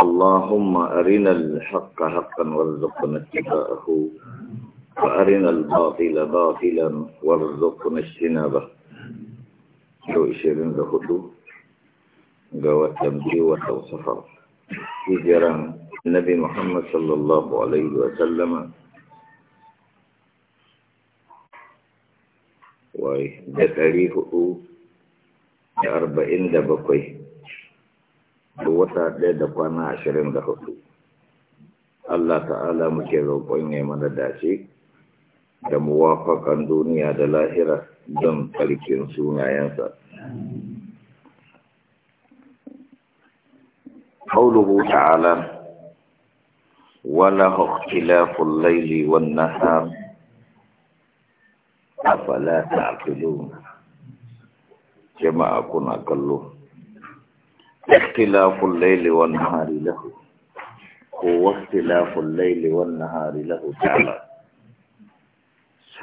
اللهم أرنا الحق حقا وارزقنا اتباعه وأرنا الباطل باطلا وارزقنا اجتنابه شو إشيرين ذهدو قوات تنبي في هجرا النبي محمد صلى الله عليه وسلم وي دكاري هدو أربعين دبقوي da wata ɗaya da kwana ashirin da hudu Allah ta'ala muke roƙon ya mana dace da muwafakan duniya da lahira don ƙarfin sunayensa قوله تعالى وله اختلاف الليل والنهار أفلا تعقلون جماعة كنا kallo. اختلاف الليل والنهار له هو اختلاف الليل والنهار له تعالى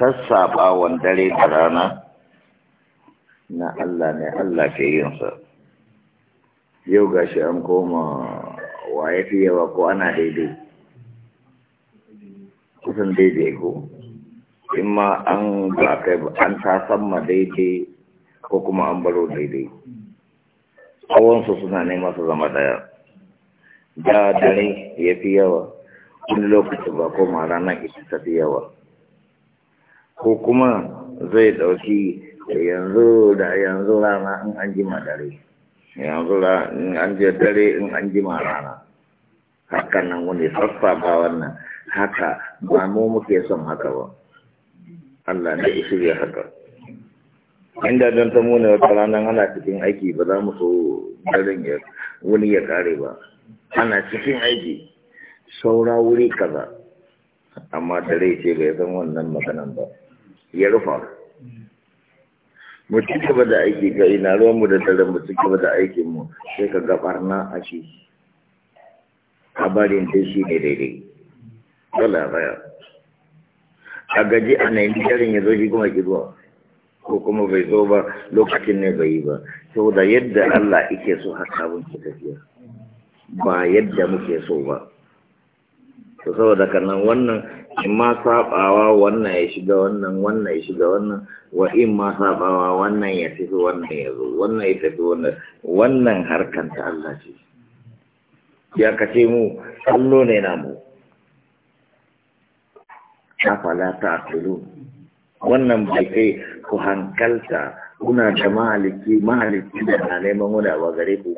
sassaɓa wandare da rana na Allah ne Allah ke yinsa yau gashi an koma wa yawa ko ana daidai kusan daidai ko in ma an ba kai an ta samma daidai ko kuma an baro daidai Kawansu suna neman su zama daya da dare ya fi yawa wani lokaci ba koma ranar ita ta fi yawa ko kuma zai ɗauki yanzu da yanzu rana in an jima dare yanzu in an jima dare in an jima rana hakan nan wani ba wannan haka ba mu muke son haka ba Allah ne ya haka inda don ta mune wata ranar ana cikin aiki ba za mu so garin ya wuni ya kare ba ana cikin aiki saura wuri kaza amma dare ce bai san wannan maganan ba ya rufa mu ci gaba da aiki ga ina ruwan mu da dare mu ci gaba da aikin mu sai ka gabar na a shi kabarin dai shi ne daidai dole a baya a gaji a nan jarin ya zo shi kuma ki zuwa ko kuma bai zo ba lokacin ne bai yi ba saboda yadda Allah yake so haka abin ke tafiya ba yadda muke so ba to saboda kannan wannan in ma sabawa wannan ya shiga wannan wannan ya shiga wannan wa in ma sabawa wannan ya tafi wannan ya zo wannan ya tafi wannan wannan harkan ta Allah ce ya kace mu kallo ne namu afala ta'qilun wannan bai kai ku hankalta kuna da maliki maliki da na neman wani abu gare ku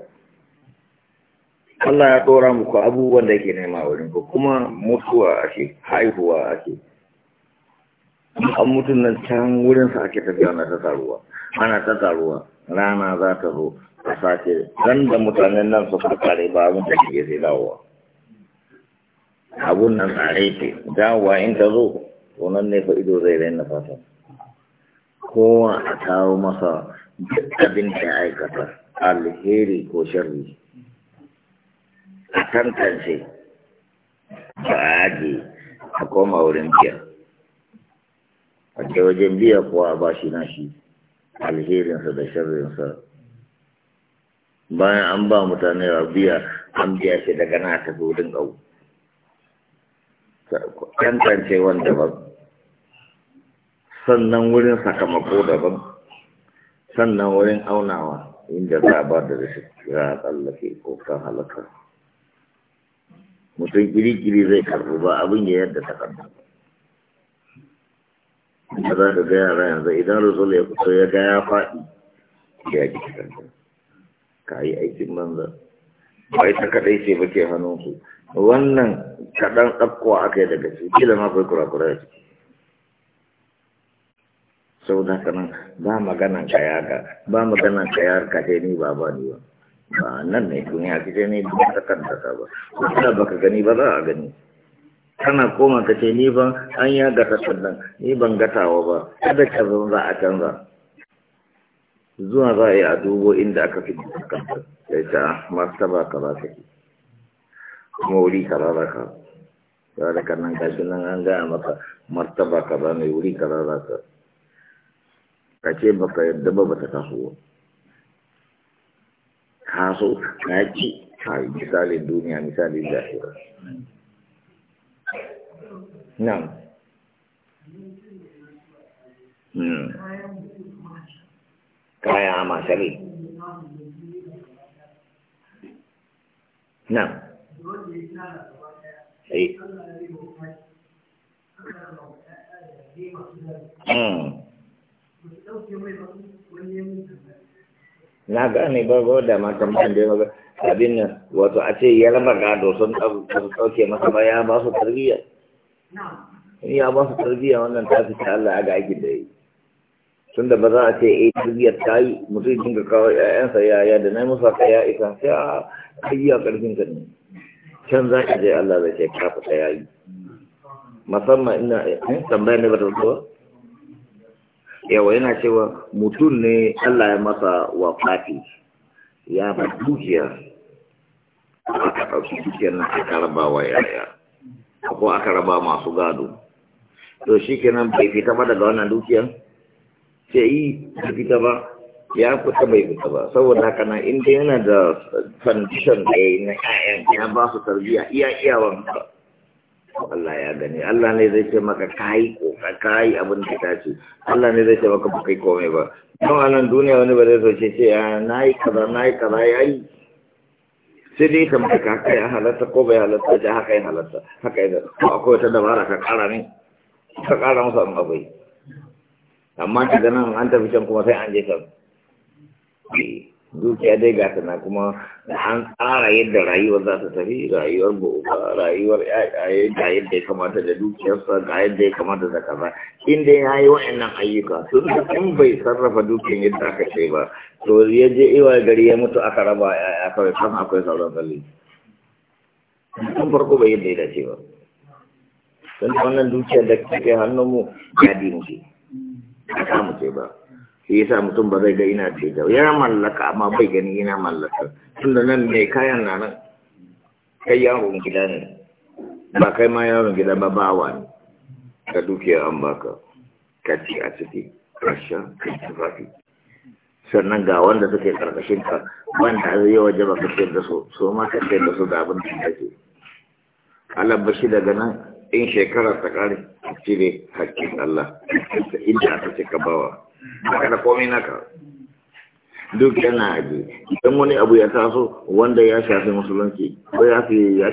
Allah ya tsora muku abubuwan da ke nema wurin ku kuma mutuwa ake haihuwa ake an mutum nan can wurin sa ake tafiya na ta taruwa ana ta taruwa rana za ta zo ta sace dan da mutanen nan su kare ba abin da ke zai dawowa abun nan tsare ce dawowa in ta zo to nan ne fa ido zai raina fata kowa a kawo masa duk abin da ya aikata alheri ko sharri a tantance ba a aje a koma wurin biya a ke wajen biya kuwa ba shi na shi alherinsa da sharrinsa bayan an ba mutane a biya an biya shi daga na tafi wurin ƙau tantance wanda ba sannan wurin sakamako daban sannan wurin aunawa inda za a ba da rashin ya tsallake ko kan halaka mutum giri-giri zai karbi ba abin ya yadda ta karbi ba za ka gaya yara yanzu idan rasul ya fito ya ga ya faɗi ya ji kanta ka yi aikin manza. ba ta kaɗai ce ba ke hannunsu wannan kaɗan ɗaukowa aka yi daga ciki da ma kai kura-kura ciki sau da kanan ba magana ka ga ba magana ka ya ka ce ni ba ba ni ba ba nan ne duniya ki ce ni ba ta kanta ta ba kuma baka gani ba za a gani kana koma ka ce ni ban an ga ta sannan ni ban gatawa ba kada ka zo za a canza zuwa za a yi a dubo inda aka fi kanta sai ta martaba ka ba ki kuma wuri ka ba ka da kanan gashi nan an gaya maka martaba ka ba mai wuri ka ba ka ka ce baka yadda ba ba ta kasuwa. ka so ka ki a misalin duniya misalin zahira nan hmm. kaya a masari nan eh hmm. na ba ko da matan ban da yawa abin nan wato a ce ya raba gado sun ɗauke masa ba ya ba su tarbiyya ya ba su tarbiyya wannan ta fi ta Allah ga aikin da yi tun da ba za a ce eh tarbiyya ta yi mutum dinga kawo ƴaƴansa ya ya da nai musa ka ya isa sai a ah, ayya karfin ka ne can za ka je Allah zai ce ka fita ya yi musamman ina eh, tambayar ne ba ta zuwa yawa yana cewa mutum ne Allah ya masa wa wafafi ya ba dukiya aka ɗauki dukiyar na aka raba wa yaya ko aka raba masu gado to shi kenan bai fita ba daga wannan dukiya? sai yi fita ba ya fita bai fita ba saboda haka na inda yana da condition da ya yi na ya ba su tarbiya iya iyawan ka Allah ya gani Allah ne zai ce maka kai ko kai abin da ka ci Allah ne zai ce maka ba kai komai ba don a nan duniya wani ba zai so ce ce na yi kaza na yi kaza yayi sai dai ka maka haka ya halatta ko bai halatta ja haka ya halatta haka ya to akwai wata dabara ka kara ne ka kara musu an abai amma daga nan an tafi can kuma sai an je can eh. dukiya dai ga tana kuma da an tsara yadda rayuwar za ta tafi rayuwar ba rayuwar ga yadda ya kamata da dukiyarsa ga yadda ya kamata da kaza inda ya yi wa'annan ayyuka to in bai sarrafa dukiyar yadda aka ce ba to ya je iwa gari ya mutu aka raba yaya kawai kan akwai sauran tsalli tun farko bai yadda ya dace ba don wannan dukiyar da ke hannun mu ya dinke aka mu ce ba shi yasa mutum ba zai ga ina da ya mallaka amma bai gani ina mallaka tunda nan mai kayan na nan kai yaron gida ne ba kai ma yaron gida ba ba wani ka dukiya an baka ka ci a ciki rasha ka tufafi sannan ga wanda suke karkashin ka wanda zai waje ba ka ce da su so ma ka ce da su da abin da kake alabashi daga nan in shekara ta kare cire hakkin Allah inda aka ce ka bawa baka da komai naka duk yana aji idan wani abu ya taso wanda ya shafi musulunci ko ya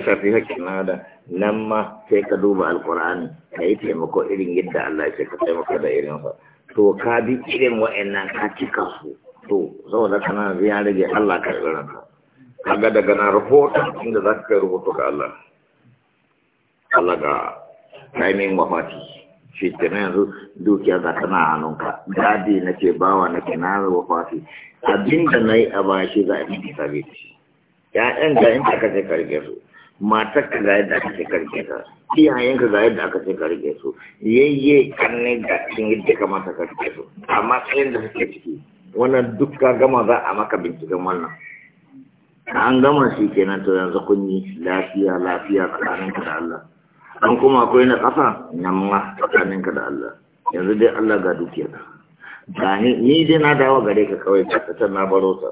shafi haƙƙin nada nan ma sai ka duba alkur'ani ka yi taimako irin yadda Allah ya ce ka taimako da irinsa to ka bi irin wa'annan ka cika su to saboda kana ya rage Allah ka ranka kaga daga na rahoton inda za ka kai rahoto ga Allah Allah ga timing shi na yanzu dukiya za ta na hannunka dadi na ce bawa na ke na zuwa kwafi da na yi a ba shi za a yi bisa bai ci ya'yan ga yin aka ce karge su matar ka ga yadda aka ce karge ta iyayen ka ga yadda aka ce karge su yayye kanne da cikin yadda kamata karge su amma matsayin da suke ciki wannan duk ka gama za a maka binciken wannan an gama shi kenan to yanzu kun yi lafiya lafiya ka da Allah an kuma akwai na ƙasa na ma tsakaninka da Allah yanzu dai Allah ga dukiyarka ga ni ni dai na dawo gare ka kawai ta na baro ta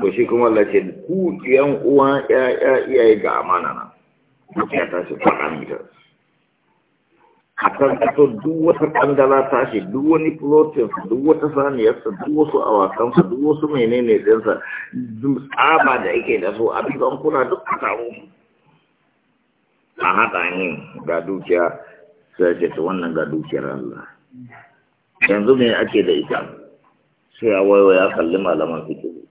to shi kuma Allah ce ku yan uwa ya iyaye ga amana na ya ta shi faɗa mi ta a kan kaso duk wata kandala ta shi duk wani plotin duk wata saniyarsa duk wasu su duk wasu menene ɗinsa tsaba da yake da su a bisa kula duk a taro a haɗa yin ga dukiya sai ce ta wannan ga dukiyar Allah yanzu me ake da ita sai a ya kalli malaman fikiri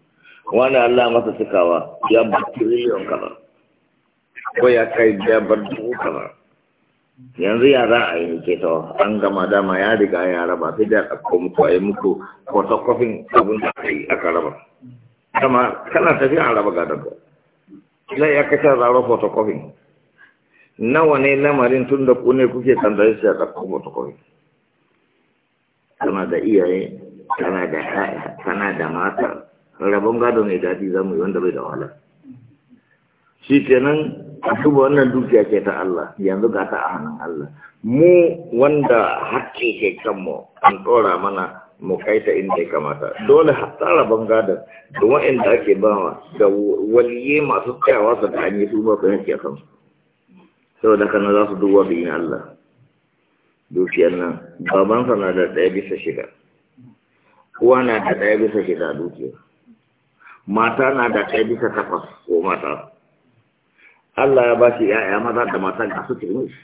wani Allah masa cikawa ya bar tiriliyon kaza ko ya kai ya bar dubu kaza yanzu ya za a yi ke to an gama dama ya riga ya raba sai da ɗauko muku a yi muku kwatakofin abin da aka yi aka raba kama kana tafiya a raba gadon ka ila ya kashe zaro kwatakofin nawa ne lamarin tun da ku ne kuke tambaye shi a ɗauko mutu kana da iyaye kana da kana da mata rabon gado mai daɗi za mu yi wanda bai da wahala shi kenan duba wannan dukiya ke ta Allah yanzu ga ta a hannun Allah mu wanda hakki ke kanmu an ɗora mana mu kai ta inda ya kamata dole hatta rabon gadon da wa'inda ake bawa da waliye masu tsayawa su da hanyar su ba su yanke kansu saboda kana za su duba bayin Allah dukiyar nan babansa na da ɗaya bisa shida uwa na da ɗaya bisa shida dukiyar mata na da ɗaya bisa takwas ko mata Allah ya ba shi ‘ya'ya maza da mata a suke mishi.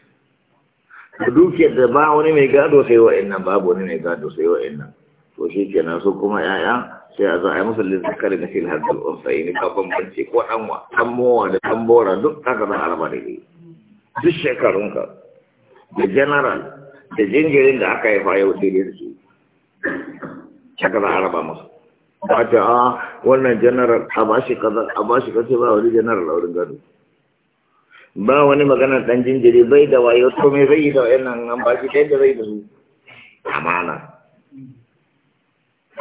Da dukiyar da ba wani mai gado sai wa'in nan babu wani mai gado sai wa'in nan. To shi kenan su kuma ‘ya'ya sai a za a yi musu lizzakari na shi da unsa yi ni babban bance ko ɗanwa, ɗan mowa da ɗan bora duk aka zan arba da ne. duk shekarunka da general da jinjirin da aka haifa yau daidai su shaka za a raba masu ba ta a ah, wannan general a ba shi kaza a ba shi kace ba wani general a wurin gado ba wani magana dan jinjiri bai da wayo to me zai yi da wayannan an ba shi kai da zai da su amana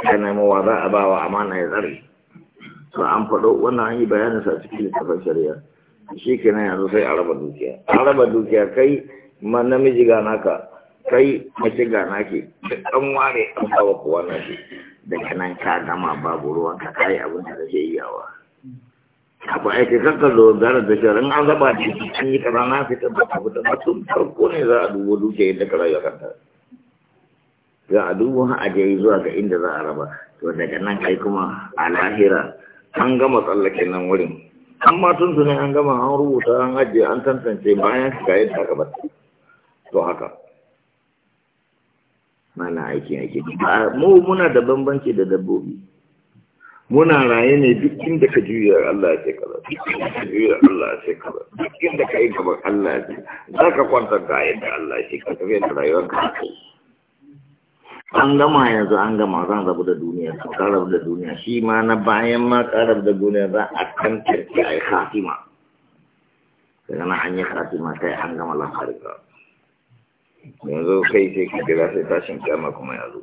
kana mu wa za a ba wa amana ya zare to an faɗo wannan an yi bayanin sa cikin littafin shari'a shi kenan yanzu sai a raba dukiya a raba dukiya kai ma namiji gana ka, kai mace ga naki da ɗan ware an bawa kowa naki daga nan ka gama babu ruwan ka kai abin da yawa, k'a abu aiki kanka dogara da shirin an zaba da shi an yi kara na fita ba ta fita ba tun farko ne za a dubo dukiya yadda ka rayuwa kanta za a dubo a je zuwa ga inda za a raba to daga nan kai kuma a lahira an gama tsallaken nan wurin amma tun tunan an gama an rubuta an ajiye an tantance bayan shiga yadda aka bata to haka mana aiki aiki mu muna da bambanci da dabbobi muna raye ne duk inda ka juya Allah ya ce kaza duk inda ka juya Allah ya ce kaza duk inda ka yi gaban Allah ya ce za ka kwanta ga yadda Allah ya ce kaza zai da rayuwar ka an gama yanzu an gama zan rabu da duniya su karar da duniya shi ma na bayan ma karar da duniya za a kan kirki a yi khatima daga na an yi khatima kai an gama lafari ka yanzu kai sai ka gira sai tashin kama kuma ya zo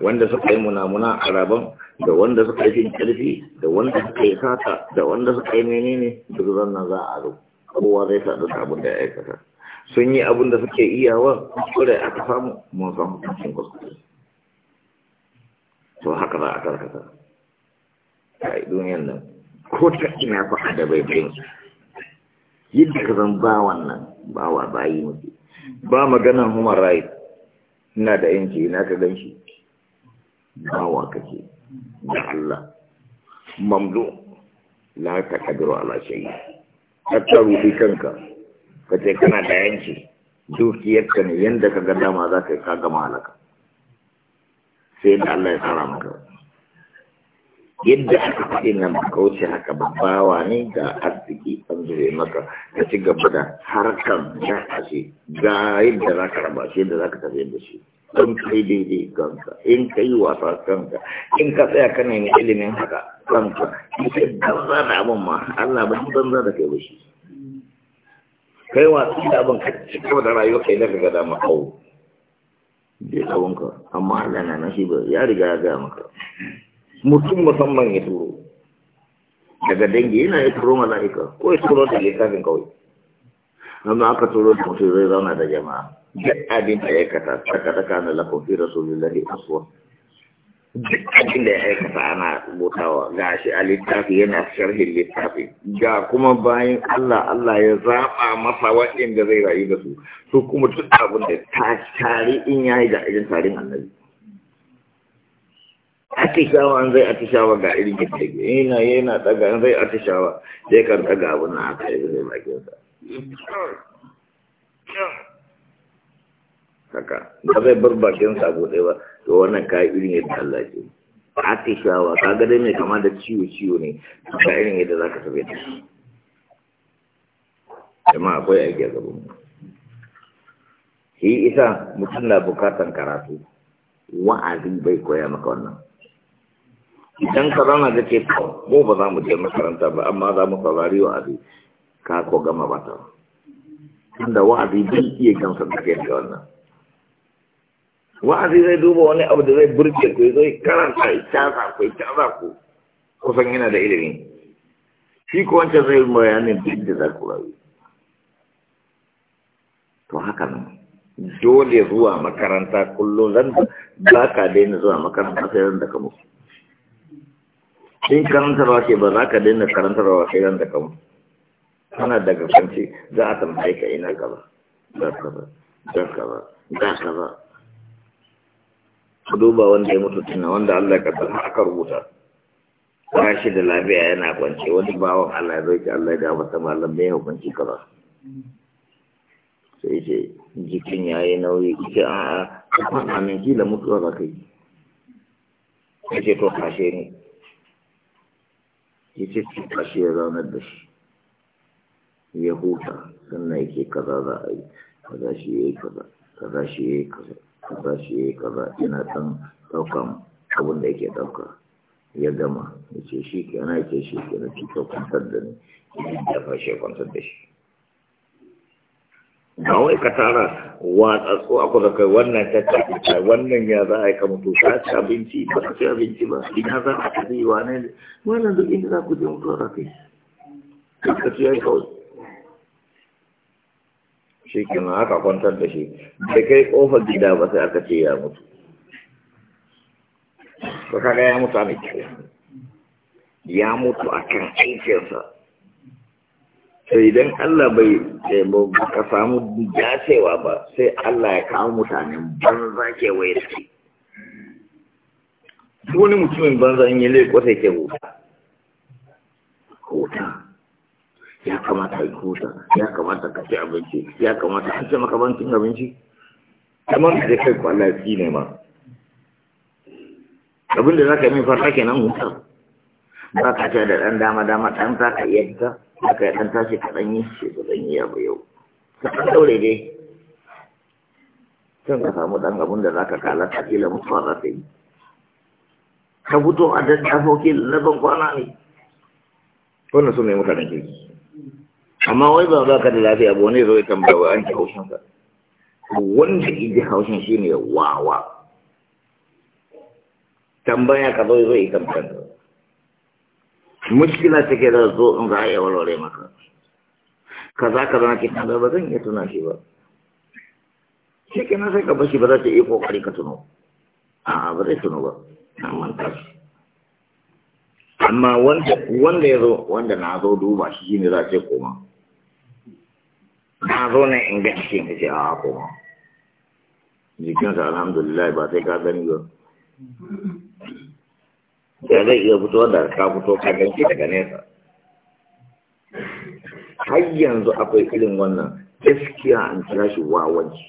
wanda suka yi munamuna a rabon da wanda suka yi fin karfi da wanda suka yi sata da wanda suka yi menene duk zanna za a zo kowa zai sadu da abin da ya aikata sun yi abin da suke iyawa kuskure aka samu mun samu cikin kuskure to haka za a karkata a duniyan nan ko ta ina ku hada bai bai yadda ka zan ba wannan ba wa bayi mutu ba maganan human right ina da yanci ina ka gan shi ba wa kake da Allah mamdu la ta kadiru ala shayi ka tarufi kanka ka ce kana da yanki dukiyarka ne yadda ka ga dama za ka yi ka mahalaka sai da Allah ya tsara maka yadda aka faɗi nan ka wuce haka babawa ne ga arziki an zube maka ka ci gaba da harkar da a ce ga yadda za ka raba shi yadda za ka tafi da shi don kai daidai ganka in ka yi wasa kanka in ka tsaya kana ilimin haka kanka in ka da abin ma Allah ba shi da kai ba shi kai watsi da abin ka ci da rayuwa kai da kaga dama hau je abinka amma Allah na nashi ba ya riga ya gaya maka mutum musamman ya turo daga dangi yana ya turo mala'ika ko ya turo da littafin kawai amma aka turo da mutum zai zauna da jama'a da abin da ya kata tsaka-tsaka na lafafi rasulullahi aswa duk abin da ya aikata ana rubutawa ga shi a littafi yana sharhin littafi ga kuma bayan Allah Allah ya zaɓa masa waɗanda zai rayu da su su kuma duk abin da ta tare in ya yi da irin tarin annabi atishawa an zai atishawa ga irin gidan yana yana daga an zai atishawa zai kan daga abin na aka yi zai bakin sa haka da zai bar bakin sa bude ba to wannan kai irin da Allah ke ka ga dai ne kamar da ciwo ciwo ne ka irin yadda zaka tabe ta amma akwai aiki a gaban mu shi isa mutum na bukatan karatu wa'azi bai koya maka wannan idan ka zama da ce ko ba za mu je makaranta ba amma za mu saurari wa'azi ka ko gama ba ta tunda wa'azi bai iya gamsar da ke da wannan wa'azi zai duba wani abu da zai burge ku zai karanta ya casa ku ya casa ku kusan yana da ilimi shi ko wancan zai bayanin duk da za ku rayu to haka nan dole zuwa makaranta kullum zan ba ka daina zuwa makaranta sai zan da ka In karanta ba ke ba za ka daina karantarwa sai zan da ka mutu kana daga kanci za a tambaye ka ina gaba za ka ba za ka ba za ka ba ku duba wanda ya mutu tunan wanda Allah ka san aka rubuta ba shi da lafiya yana kwance wani bawan Allah zai ce Allah ya ga masa malam mai hukunci kaza sai ce jikin ya yi nauyi ita a a kuma nan kila mutuwa ba kai ce to kashe ne ce to kashe ya zaunar da shi ya huta sannan yake kaza za a yi kaza shi yi kaza kaza shi yi kaza Ka kaza shi ya yi kaza yana ɗan ɗaukan abin da yake ɗauka ya gama ya ce shi kenan ya ce shi kenan ki to kwantar da ni ya shi ya kwantar da shi ba wai ka tara watsatsu a kusa kai wannan ta ta wannan ya za a yi ka mutu ta ci abinci ba ta ci abinci ba ina za a ci wa ne wannan duk inda za ku je mutuwa za ka yi ka ci ya yi kawai shi kenan aka kwantar da shi da kai kofar gida ba sai aka ce ya mutu ba kaga ya mutu a mai ya mutu a kan aikinsa Sai idan Allah bai eh, ka samu dacewa ba sai Allah ya kawo mutanen banza ke waye su wani mutumin banza in yi laifin kwata ke huta huta ya kamata a huta ya kamata ka ci abinci ya kamata a ce makamancin abinci kamar da kai kwallon fi ne ma abin da za ka yi min farka kenan hutar ba ka ce da dan dama dama dan za ka iya fita za ka yi dan tashi ka dan yi shi ba dan yi abu yau ka ɗan daure dai can ka samu ɗan abin da za ka kala ta kila mutuwa za ka yi ka fito a daddafokin na ban kwana ne wannan su ne mutanen kirki amma wai ba za ka da lafiya ba wani zo tambaya wa an ji haushin ka wanda in ji haushin shi ne wawa tambaya ka zo zai ya tambaya ka mushkila take da zo in za a iya walwale maka ka za ka zana kitan da ba zan iya tuna shi ba shi kenan sai ka bashi ba za ta iya kokari ka tuno a ba zai tuno ba na manta shi amma wanda ya zo wanda na zo duba shi shine za a ce koma na zo ne in ga shi ne ce a kuma jikinsa alhamdulillah ba sai ka gani ba da zai iya fito da ka fito ka ganci daga nesa har yanzu akwai irin wannan gaskiya an kira shi wawanci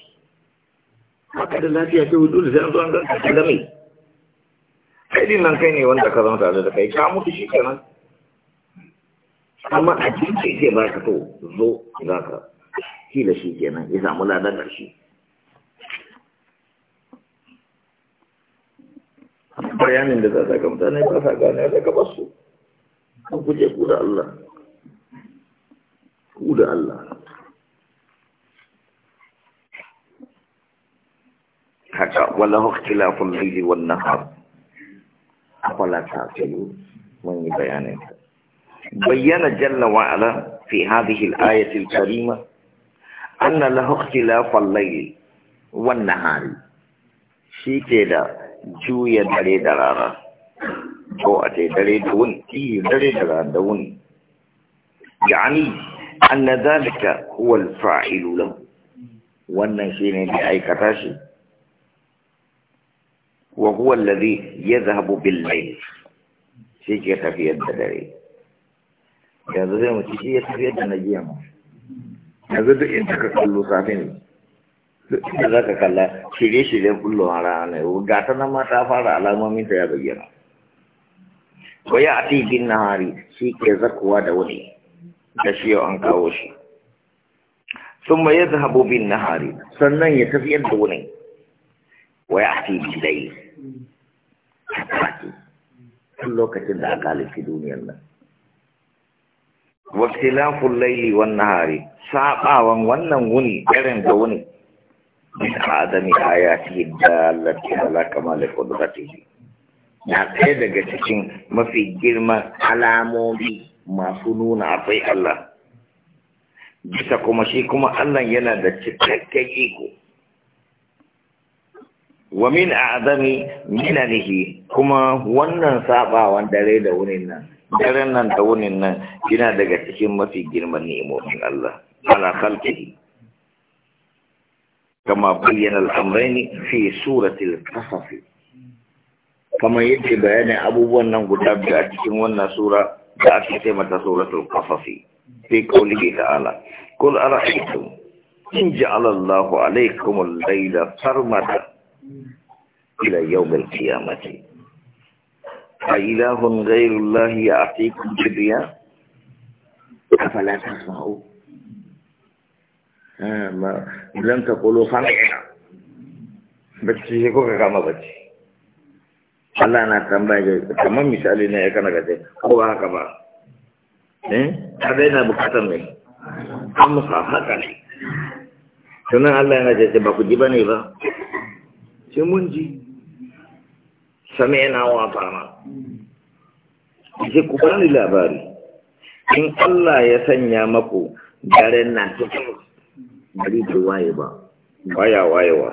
haka da lafiya ce hudu da zan zo an ganka ka game kai din nan kai ne wanda ka zama tare da kai ka mutu shi kenan amma a cikin ce ba ka to zo za ka kila shi kenan ya samu ladan ƙarshe bayanin da za ta ga mutane ba sa gane da gaba su an kuje ku da Allah ku da Allah haka wala ikhtilafun layli wan nahar afala ta'qilu mun yi bayanin bayyana jalla wa ala fi hadhihi al-ayati al-karima أن له اختلاف الليل والنهار شي كده جوية دلي دلارة جوة دلي دون تي دلي دلارة دون يعني أن ذلك هو الفاعل له وأن شيني لأي كتاشي وهو الذي يذهب بالليل شي في يد دلي يا ذلك ما تشي يتفيد yanzu duk inda ka kallo safi ne duk inda za ka kalla shirye-shiryen kullum a rana ne ga ta nan ma ta fara alamomin ta ya bayyana ko ya ati bin hari shi ke zakuwa da wani da shi yau an kawo shi sun ma ya zahabu bin hari sannan ya tafiyar da wani wa ya ati bin dai lokacin da a halitta duniyar nan waktilafun laili wannan hari saɓawan wannan wuni irin da wuni min adami ayati dallati ala kamali qudratihi na ɗaya daga cikin mafi girman alamomi masu nuna akwai Allah bisa kuma shi kuma Allah yana da cikakken iko wa min a'zami minanihi kuma wannan sabawan dare da wunin nan daren nan da wunin nan yana daga cikin mafi girman ni'imomin Allah ala khalqihi kama bayyana al-amrayni fi surati al-qasas kama yake bayanin abubuwan nan guda biyu a cikin wannan sura da ake ce mata suratul qasas fi qawlihi ta'ala qul ara'aytum in ja'ala Allahu alaykum al-layla sarmada إلى يوم القيامة فإله غير الله يعطيكم جبيا أفلا تسمعوا آه، ما لم تقولوا سمعنا بس هيكو كما بتشي الله أنا تنبأ كما مثالنا يكنا كذا هو كما أبينا بكتم أم صاحا كني شنو الله أنا جاي تبقى جبني با شو منجي sami'na wa ata'na sai ku labari in Allah ya sanya maku daren nan cikin bari da waye ba baya wayewa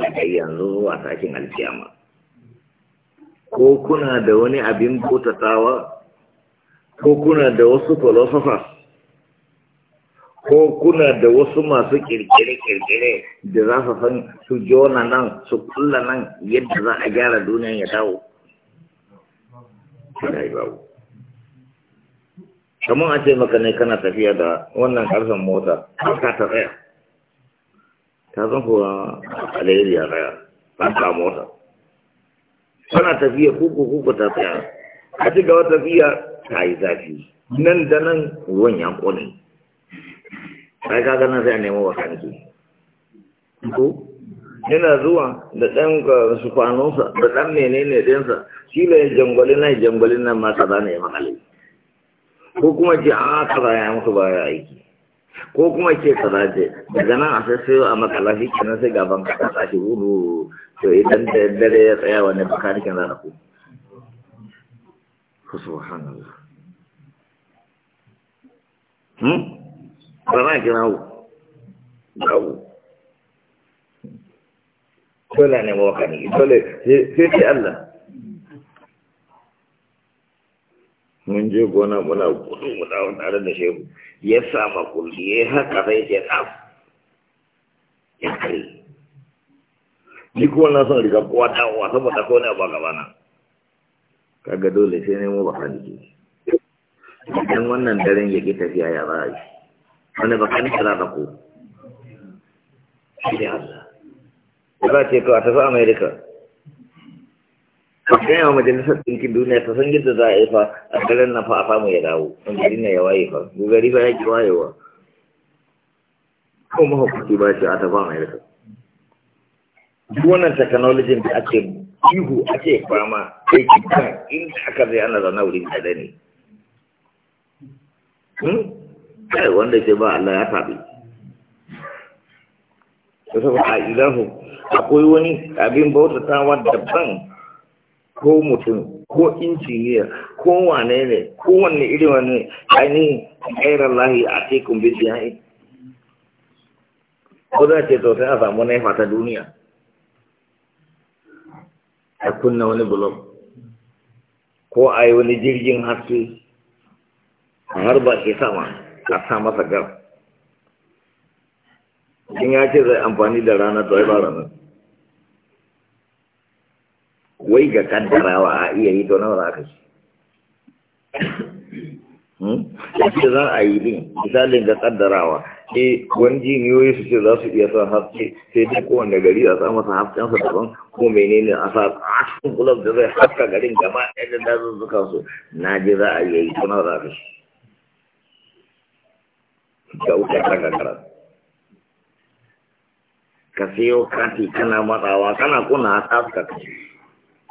daga yanzu zuwa tashin alkiyama ko kuna da wani abin bautatawa ko kuna da wasu philosophers ko kuna da wasu masu kirkire-kirkire da za su san su jona nan su kulla nan yadda za a gyara duniyan ya dawo yi kamar a ce maka ne kana tafiya da wannan karfin mota ka ta tsaya ta zan kuwa alayyar ya tsaya ba ta mota kana tafiya kuku kuku ta tsaya a ci gaba tafiya ta yi zafi nan da nan ruwan ya ƙone. ai kaga nan sai a nemo kanki? ko yana zuwa da ɗan sufanonsa da ɗan menene ɗinsa shi ne jangwalin nan jangwalin nan ma na ne mahalli ko kuma ce a ah, kaza ya musu baya aiki ko kuma ce kaza ce daga nan a sai a makala shi kenan sai gaban ka kasa shi wuru to idan da dare ya tsaya wani bakanikin za ku su hannun ba za ki nawo babu dole ne mawakani dole sai ce Allah mun je gona muna gudu mu dawo tare da ya sama kulli ya haka sai ce tsaf ya kai ni kuma na son riga kowa dawowa náà ko ne ba gabana kaga dole sai ne mu ba idan wannan daren ń tafiya ya tẹ̀sí a wani bakani kira da ku shi Allah za ce to a tafi america kai wa majalisar ɗinkin duniya ta san yadda za a yi fa a garin na fa a famu ya dawo in gari na ya waye fa gari ba ya ki wayewa ko mahukunci ba ce a tafi america duk wannan technology da ake ihu ake fama sai kika inda aka zai ana zaune wurin da ne kai wanda ke ba Allah ya tabi saboda a ilahu akwai wani abin bautatawa daban ko mutum ko injiniya ko wane ne ko wanne irin wani ainihin kairar lahi a tekun yi ko za ce to a samu naifa ta duniya a kunna wani blog ko a yi wani jirgin haske a harba ke sama ka sa masa gara in ya ce zai amfani da rana to ba ranar wai ga kaddarawa a iya yi donar za ka hmm? Ya ce za a yi din misalin ga kaddarawa e wani jiniyoyi su ce za su iya sa haske sai dai wanda gari a sa masa haskensa daban ko menene a sa cikin kulab da zai haska garin Gama ɗaya da dazuzzukan su na ji za a yi donar za ka shi da wuce daga karas ka sayo kati kana matsawa kana kuna haska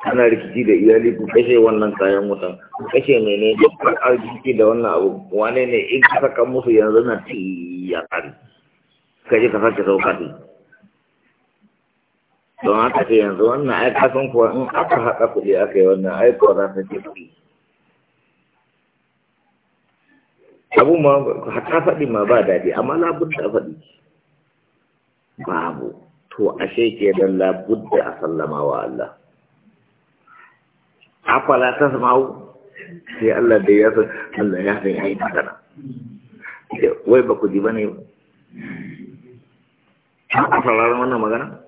kana rikici da iyali ku kashe wannan kayan wutan ku kashe mene ne ku arziki da wannan abu wane ne in ka saka musu yanzu na ti ya kare ka je ka sake sauka ne don haka ce yanzu wannan ai kuwa in aka haɗa kuɗi aka yi wannan ai kuwa za ta ce kuɗi abu ma haka faɗi ma ba daɗi amma labudda faɗi babu to ashe ke don labudda a sallama wa Allah afala ta samu sai Allah da ya san Allah ya san yayi magana wai ba ku ji bane ba a sauraron wannan magana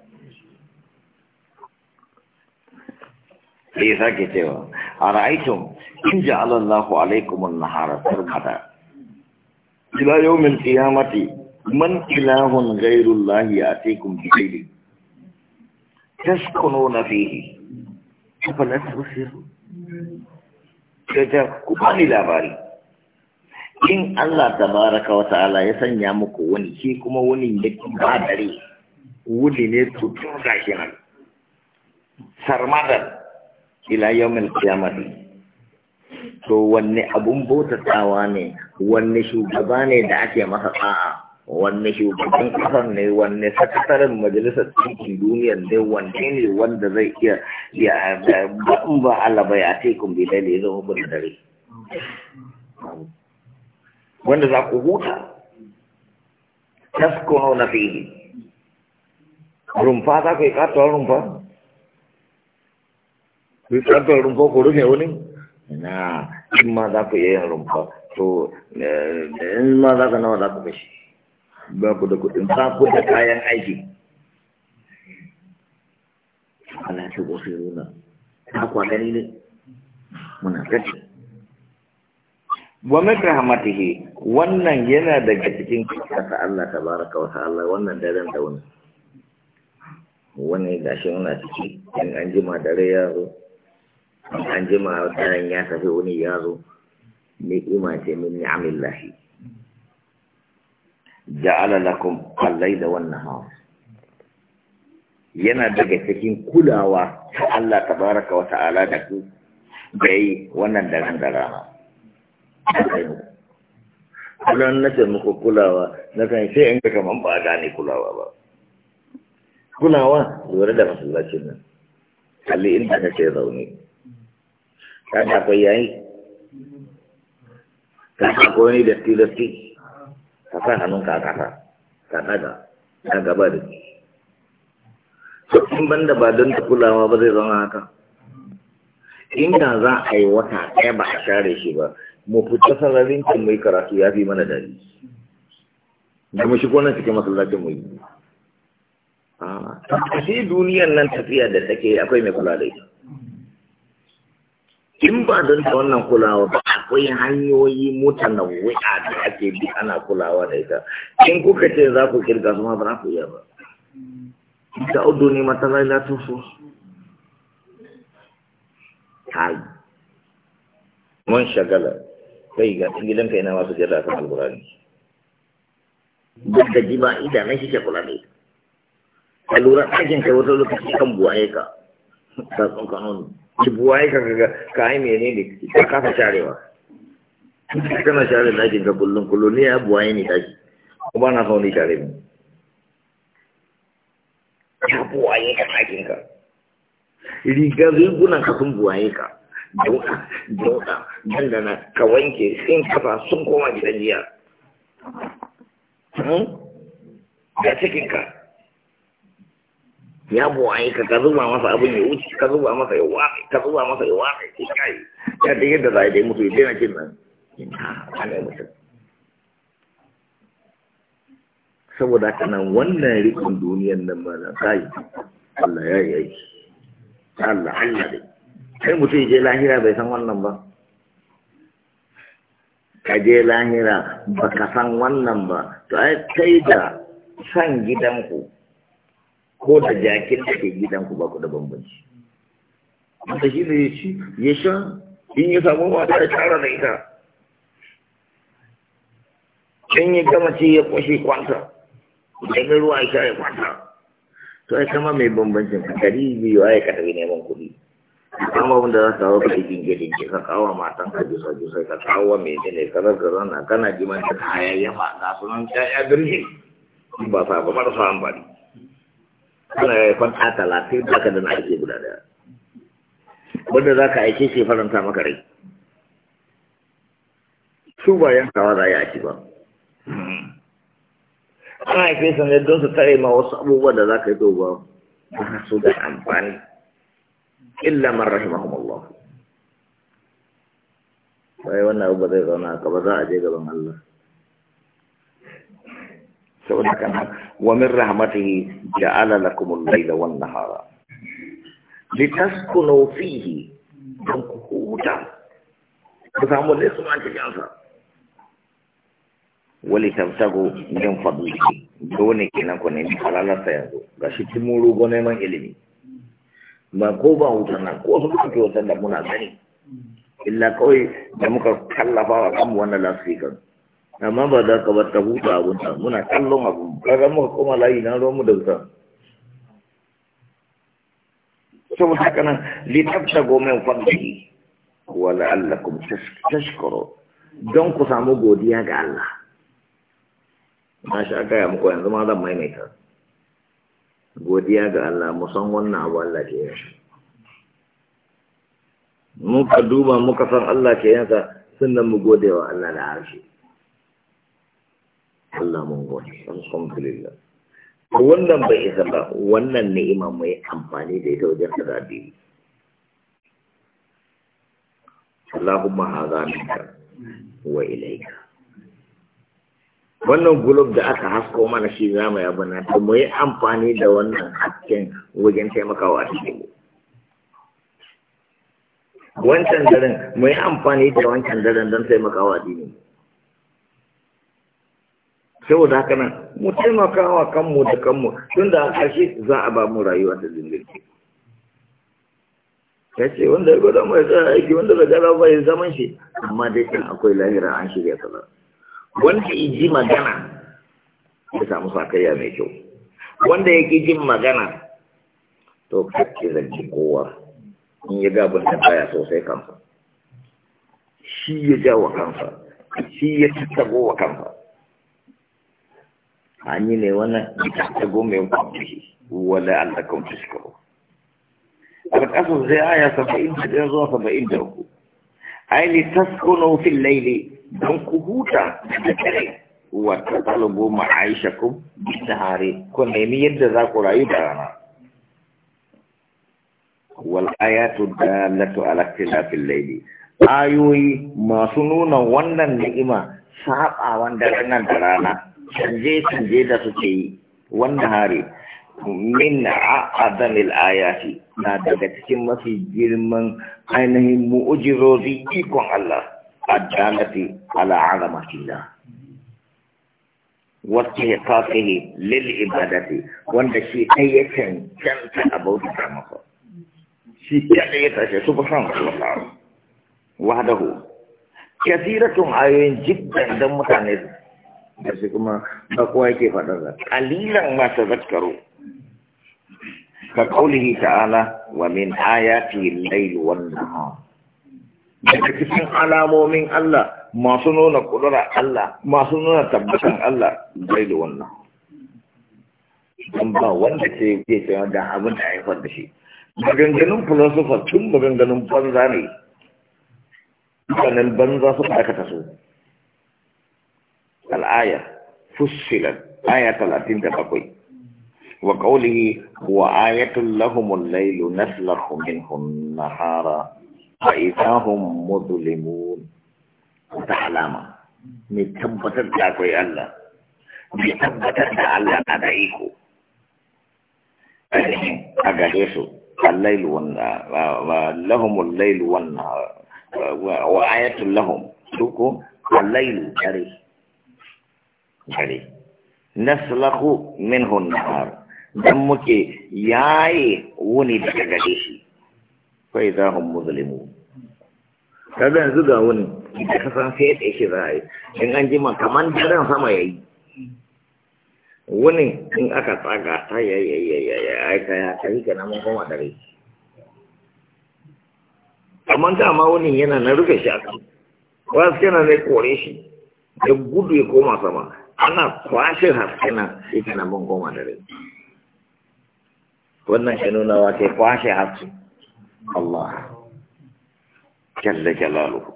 sai sake cewa a ra'aitum in ja'ala alaikumun alaikum nahara sarmada ila yawmin qiyamati man ilahun ghairullahi atikum bi khairin taskununa fihi afala tusirun sai ta ku bani labari in Allah tabaraka wa ta'ala ya sanya muku wani shi kuma wani ya ba dare wuli ne tutun gashi nan sarmadan ila yawmin qiyamati to wanne abun bautatawa ne wanne shugaba ne da ake masa tsa'a wanne shugaban kasar ne wanne sakataren majalisar ɗinkin duniyar ne wanne ne wanda zai iya ya ba'in ba Allah ba ya ce kun bi dalilin zama gudu dare wanda za ku huta taskuno na fili rumfa za ku yi katuwar rumfa ku yi rumfa ku rufe wani na in ma za ku iya yin rumfa to eh, in ma za ka nawa za ku kashe ba ku da kudin ba ku da kayan aiki ala ko gofe nuna ta kwa gani ne muna gaci wa min rahmatihi wannan yana daga cikin kasa Allah baraka wa ta'ala wannan daren da wannan wani gashi muna ciki in an jima dare zo. an ma daren ya tafi wani yaro ni'ima ce min lahi ja'ala lakum al-layla wan-nahar yana daga cikin kulawa ta Allah tabaraka wa ta'ala da ku bai wannan daren da rana kullum na ce muku kulawa na kan sai in ga kaman ba gane kulawa ba kulawa lura da masallacin nan kalli inda kake zaune kaɗa akwai yayi ini? akwai apa ini datti ka sa hannun ka kasa ka ɗaga na gaba da shi to in banda ba don ta kulawa ba zai zama inda za a yi wata ɗaya ba a share shi ba mu fita sararin can mai karatu ya fi mana dari da mu shigo nan cikin masallacin mu yi a ah, shi duniyan nan tafiya da take akwai mai kula da ita in ba don ta wannan kulawa ba akwai hanyoyi mota na wuya da ake bi ana kulawa da ita in kuka ce za ku kirga su ma ba za ku iya ba ta udu ne mata lailatun su kai mun shagala kai ga gidan kai na masu jira kan alburani duk da jima idan idanun shi ke kula da ita a lura ɗakin kai wata lokaci kan buwaye ka ta tsokanonu jibuwa ya kaga ka yi mene ne ka kafa sharewa kana share dakin ka kullum kullum ne ya buwaye ne daki kuma na fauni share ne ya buwaye ka dakin ka riga rigunan ka sun buwaye ka dauda dauda dandana ka wanke sun kafa sun koma gidan jiya da hmm? cikin ka ya buwaye ka ka zuba masa abin ya wuce ka zuba masa ya wafe ka zuba masa ya wafe ki kai ya da yadda za a dai mutu ya daina kin nan ina ana mutum saboda haka nan wannan rikin duniyan nan ma na kai Allah ya yi aiki Allah Allah dai kai ya je lahira bai san wannan ba ka je lahira ba ka san wannan ba to ai kai da san gidanku ko da jakin da ke gidan ku ba ku da bambanci wanda shi ne ya ya sha in ya samu mata ya tara da ita in ya gama ce ya kwashe kwanta da ruwa ya sha ya kwanta to ai kama mai bambancin gari biyu ai ka tafi neman kuɗi kama wanda za ka kawo ka cikin gidan ka kawo matan ka jusa jusa ka kawo mai ne ka zaka zana kana jiman ta kaya yaba ga sunan ya birge ba sa ba marasa amfani kana ya kwanta talatin da ka da na aiki guda daya wanda za ka aiki shi faranta maka rai su bayan kawo za a yi aiki ba ana aike sanye don su tare ma wasu abubuwa da za ka yi dogon ba su da amfani illa man Allah. bai wannan abu ba zai zauna ka ba za a je gaban Allah saboda kana wa min rahmatihi ja'ala lakum al-layla wan nahara litaskunu fihi dan ku huta ku samu lisman cikin sa wali tabtagu min fadlihi dole kenan ku ne halalarsa yanzu gashi kin mu rugo neman ilimi ba ko ba wutan nan ko sun kuke wutan da muna sani illa kawai da muka kallafa wa kanmu wannan lasifikan amma ba za ka bar hutu huta muna kallon abu kaga muka koma layi na ruwan mu da wuta saboda haka nan litabta gomen Wala Allah kuma tashkoro don ku samu godiya ga Allah na shi aka yi muku yanzu ma zan maimaita godiya ga Allah mu san wannan abu Allah ke mun muka duba muka san Allah ke yansa nan mu gode wa Allah da harshe Allah mun gode alhamdulillah wannan bai isa ba wannan ni'ima mu amfani da ita wajen da addini Allahumma hadha minka wa ilayka wannan gulub da aka hasko mana shi zama yi bana to mu yi amfani da wannan hakkin wajen taimakawa a cikin wancan daren mu yi amfani da wancan daren don taimakawa addini saboda haka nan mu taimaka wa kanmu da kanmu tun da ƙarshe za a ba mu rayuwa ta zingirki ya ce wanda ya gwada mai tsara aiki wanda da gara ba ya zaman shi amma dai kan akwai lahira an shirya kaza wanda ya ji magana ya samu sakayya mai kyau wanda ya ki jin magana to kake zance kowa in ya gabin da baya sosai kansa shi ya ja wa kansa shi ya tattago wa kansa Hanyi ne wannan ta gome kwamfi wala Allah kan fuskaro alƙasar zai aya saba'in da ɗaya zuwa saba'in da ku. ai li taskunu fil laili don ku huta da kare wa Aisha ku bi hare ku nemi yadda za ku rayu da rana wal ayatu dalatu ala ikhtilafil laili ayoyi masu nuna wannan ni'ima sabawan wanda nan da rana canje-canje da suke yi wanda hari min a'adamil ayati na daga cikin mafi girman ainihin mu'ujirozi ikon Allah a ala azamatillah wata ya ne lil ibadati wanda shi kai ya cancanta a bauta masa shi ta ya tashe su ba san wahdahu kasiratun ayoyin jiddan don mutane da shi kuma ba kowa yake faɗa da kalilan ma ta ka kaulihi ta'ala wa min ayati al-layl wan nahar daga cikin alamomin Allah masu nuna kudura Allah masu nuna tabbatan Allah zai da wannan don ba wanda ke ke cewa da abin da haifar da shi maganganun filosofa tun maganganun banza ne mutanen banza suka aikata su الآية فصلا آية 37 وقوله وآية لهم الليل نسلخ منه النهار فإذا هم مظلمون وتعلم متبتت لكي الله متبتت تعلم على إيكو الليل ولهم لهم الليل والنهار وآية لهم شوكوا الليل جريح dare naslaku minhun nahar dan muke yaye wuni daga gare shi fa idza hum muzlimu kaga yanzu ga wuni da kasan sai da shi za a yi in an jima kaman daren sama yayi wuni in aka tsaga ta yayi aika ya kai kana mun koma dare amma dama wuni yana na rufe shi a kan wasu yana zai kore shi da gudu ya koma sama ana kwashe haskina shi kana mun goma da rai wannan shi nuna wa ke kwashe haske Allah jalla jalaluhu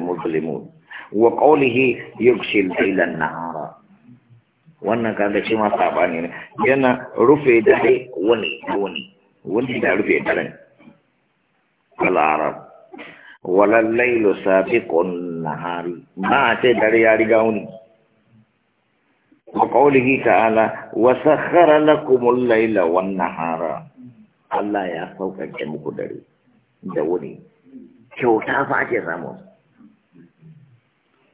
muslimun wa qawlihi yuksil ila an-nahara wannan kaga shi ma sabani ne yana rufe dare wani wani wani da rufe dare al-arab wala lailu sabiqun nahari ma ce dare ya riga wuni wa ala wasa kara na lakumul laila wannan nahara Allah ya sauƙaƙe muku dare da wuni kyauta fa ake samu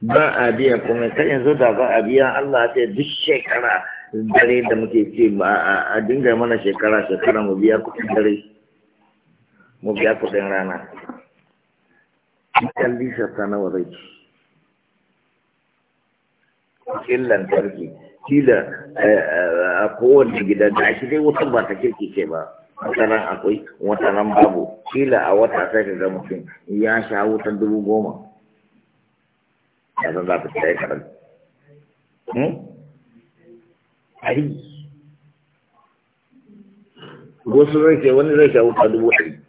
ba a biya kuma kai yanzu da ba a biya Allah ce duk shekara dare da muke ce ba a dinga mana shekara shekara mu biya kuɗin dare mu biya kuɗin rana kalli ta nawa zai ci cikin lantarki kila eh, eh, a kowane gida da ake dai wutan ba ta kirki ce ba wataran akwai wataran babu kila a wata sai ka ga mutum ya sha wutan dubu goma ya za ta ci ya karar hmm? ai wasu zai ce wani zai sha wuta dubu ɗari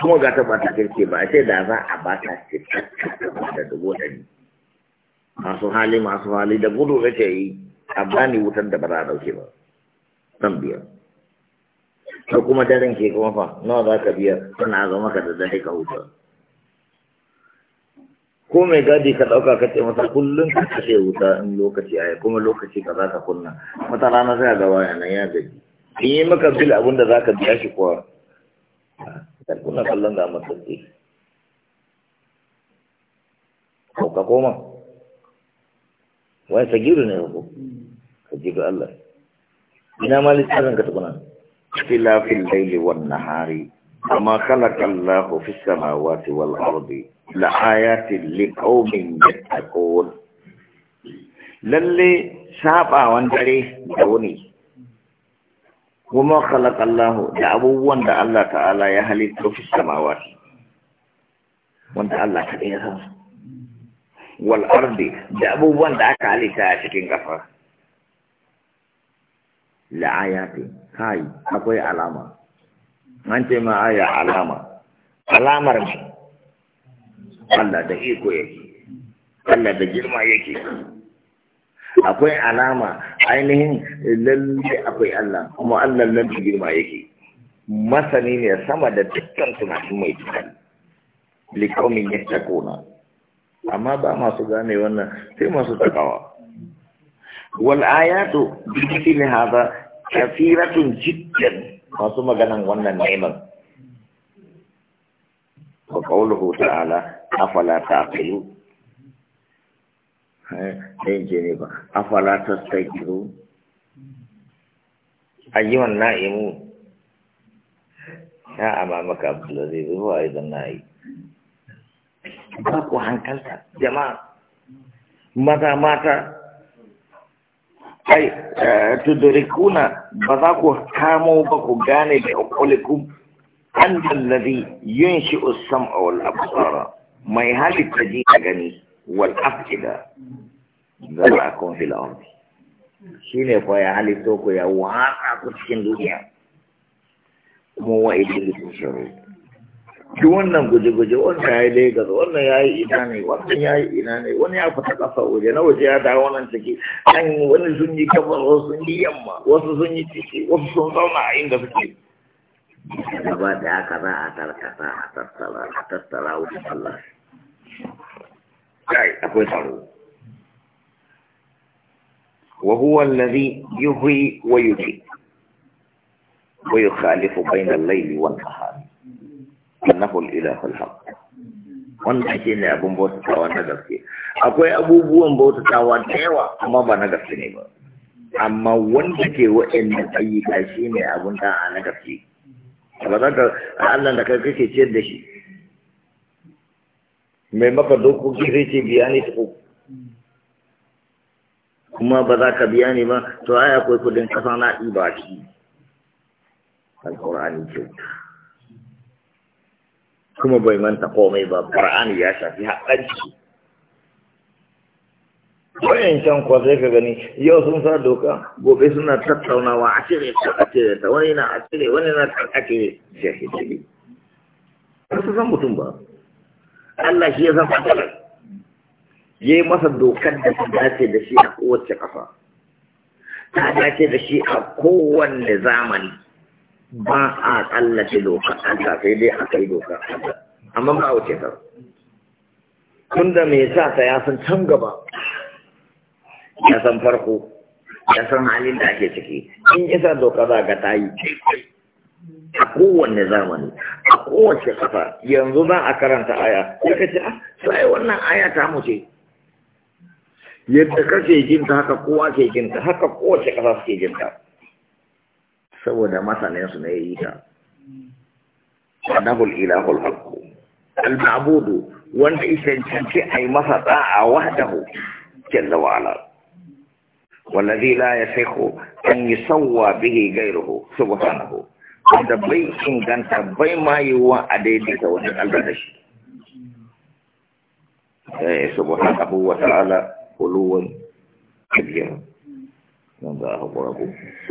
kuma ga ta bata kirki ba sai da za a bata cikakka da dubu ni masu hali masu hali da gudu da ce yi a bani wutar da ba za a dauke ba zan biya ko kuma daren ke kuma fa nawa za ka biya suna ga maka da dare ka huta ko mai gadi ka ɗauka ka ce masa kullum ka ce wuta in lokaci a kuma lokaci ka za ka kunna wata rana sai a gaba yana ya gaji in yi maka bil abinda za ka biya shi kuwa dan kuna kallon ga matsatsi ko ka koma wai sagiru ne ko sagiru Allah ina ma littafin ka tukuna fila fil laili wan nahari kama khalaqa Allahu fis samawati wal ardi la ayatin liqaumin yattaqun lalle sabawan dare da wuni kuma kalakallahu da abubuwan da Allah ta'ala ya halitta fi samawa wanda Allah ta ɗaya wal ardi da abubuwan da aka halitta a cikin ƙafa la'ayati kai akwai alama an ce ma aya alama alamar ne Allah da iko yake Allah da girma yake akwai alama ainihin lalle akwai Allah kuma Allah nan da girma yake masani ne sama da dukkan tunanin mai tunani ne ya takona amma ba masu gane wannan sai masu takawa wal ayatu bi mithli hadha kafiratun jiddan masu maganan wannan neman wa qawluhu ta'ala afala ta'qilun sai ce ne ba afala ta staikiru ayyuan na'imu ya amma maka abdulaziz zuwa idan na'i ba ku hankalta jama'a maza mata ai eh, tudurikuna ba za ku kamo ba ku gane da ukulikum an dallazi yin shi usam a wal absara mai halitta ji a gani wal afida zara'akum fil ardi shine ko ya halitto ku ya watsa ku cikin duniya kuma wa idil shiru. duk wannan guje-guje wannan ya yi Legas wannan ya yi ina ne wannan ya yi ina ne wani ya fita kafa, waje na waje ya dawo nan ciki an wani sun yi kabar wasu sun yi yamma wasu sun yi ciki wasu sun zauna a inda suke gaba da haka za a tarkata a tattara a tattara wuce Allah kai akwai tsaro وهو الذي يهوي ويجي ويخالف بين الليل والنهار انه الاله الحق wannan shi ne abin tawa na gaske akwai abubuwan bautatawa da yawa amma ba na gaske ne ba amma wanda ke wa'annan ayyuka shi ne abin da'a na gaske ba za ka Allah da kai kake ciyar da shi mai maka doko zai ce biya ne tuku kuma ba za ka biya ni ba to ai akwai kudin kasa na ibaki alkawarani kyauta kuma bai manta komai ba ƙur'ani ya shafi haɗarci wayan can kuwa sai ka gani yau sun sa doka gobe suna tattaunawa a cire ta a cire ta wani na a cire wani na ta a cire shi ba su san mutum ba Allah shi ya san fatalar yi masa dokar da ta dace da shi a kowace kafa ta dace da shi a kowanne zamani ba a tsallace doka Allah sai dai a kai doka amma ba wuce ta tun da mai sa ta ya san can gaba ya san farko ya san halin da ake ciki in isa doka za ga ta yi a kowanne zamani a kowace kafa yanzu za a karanta aya ya ka ce a ah, sai wannan aya ta mu ce yadda kake jinta haka kowa ke jinta haka kowace ƙasa suke jinta saboda masanin su ne yi ta wadahul ilahul haku al-ma'budu wanda isancanci a yi masa da'a wahdahu jalla wa ala wallazi la ku an yusawwa bihi ghayruhu subhanahu wanda bai inganta bai ma yi wa a daidaita wani Allah da shi eh, subhanahu wa ta'ala kuluwan kabira nan za a haƙura